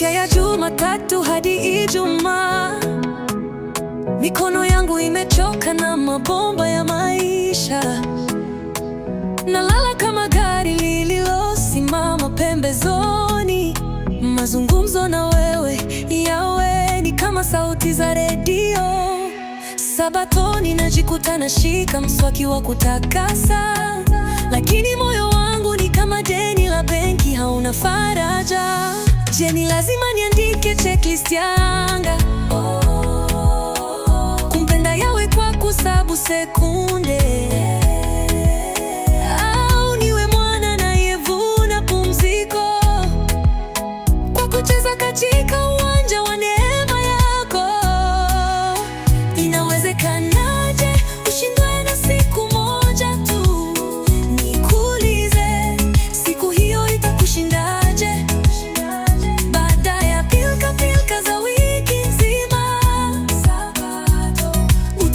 afya ya Jumatatu hadi Ijumaa. Mikono yangu imechoka na mabomba ya maisha, nalala kama gari lililosimama pembezoni. Mazungumzo na wewe yawe ni kama sauti za redio. Sabatoni najikuta nashika mswaki wa kutakasa, lakini moyo wangu ni kama deni la benki, hauna faida. Je, ni lazima niandike checklist yanga? Kumpenda yawe kwa kusabu sekunde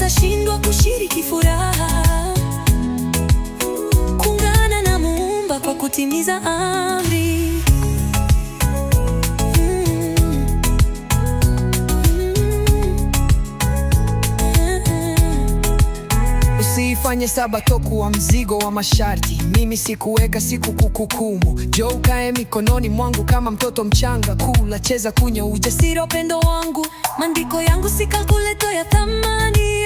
utashindwa kushiriki furaha, kuungana na Muumba kwa kutimiza amri. tufanye saba kuwa mzigo wa masharti. Mimi sikuweka siku kukukumu, jo ukae mikononi mwangu kama mtoto mchanga. Kula, cheza, kunya, ujasiri, pendo wangu, maandiko yangu si kalkuleto ya thamani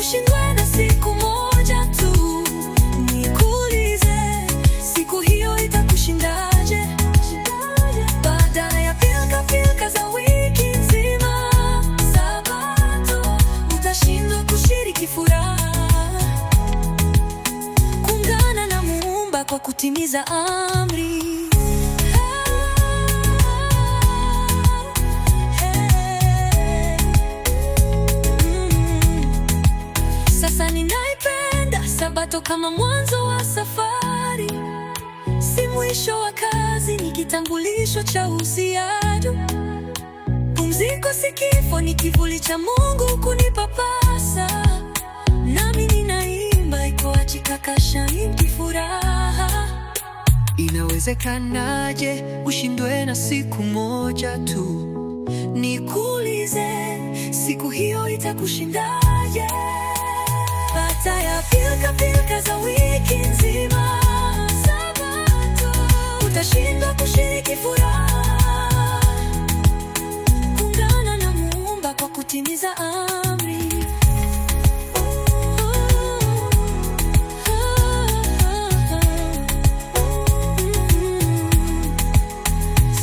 ushindwe na siku moja tu? siku hiyo itakushindaje? Baada ya pilka za wiki nzima, Sabato utashindwa kushiriki furaha, kuungana na kwa kutimiza amri. Sabato kama mwanzo wa safari, si mwisho wa kazi, ni kitambulisho cha uhusiano. Pumziko si kifo, ni kivuli cha Mungu kunipapasa, nami ninaimba ikoachika kashaingi furaha. Inawezekanaje ushindwe na siku moja tu? Nikuulize, siku hiyo itakushindaje? Utashinda kushiriki furaha, ungana na Muumba kwa kutimiza amri.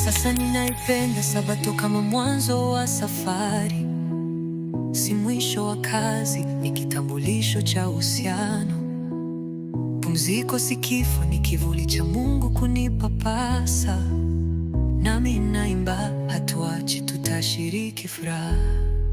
Sasa ninaipenda Sabato kama mwanzo wa safari, si mwisho wa kazi, ni kitambulisho cha uhusiano Pumziko si kifo, ni kivuli cha Mungu kunipapasa, nami naimba, hatuachi, tutashiriki furaha.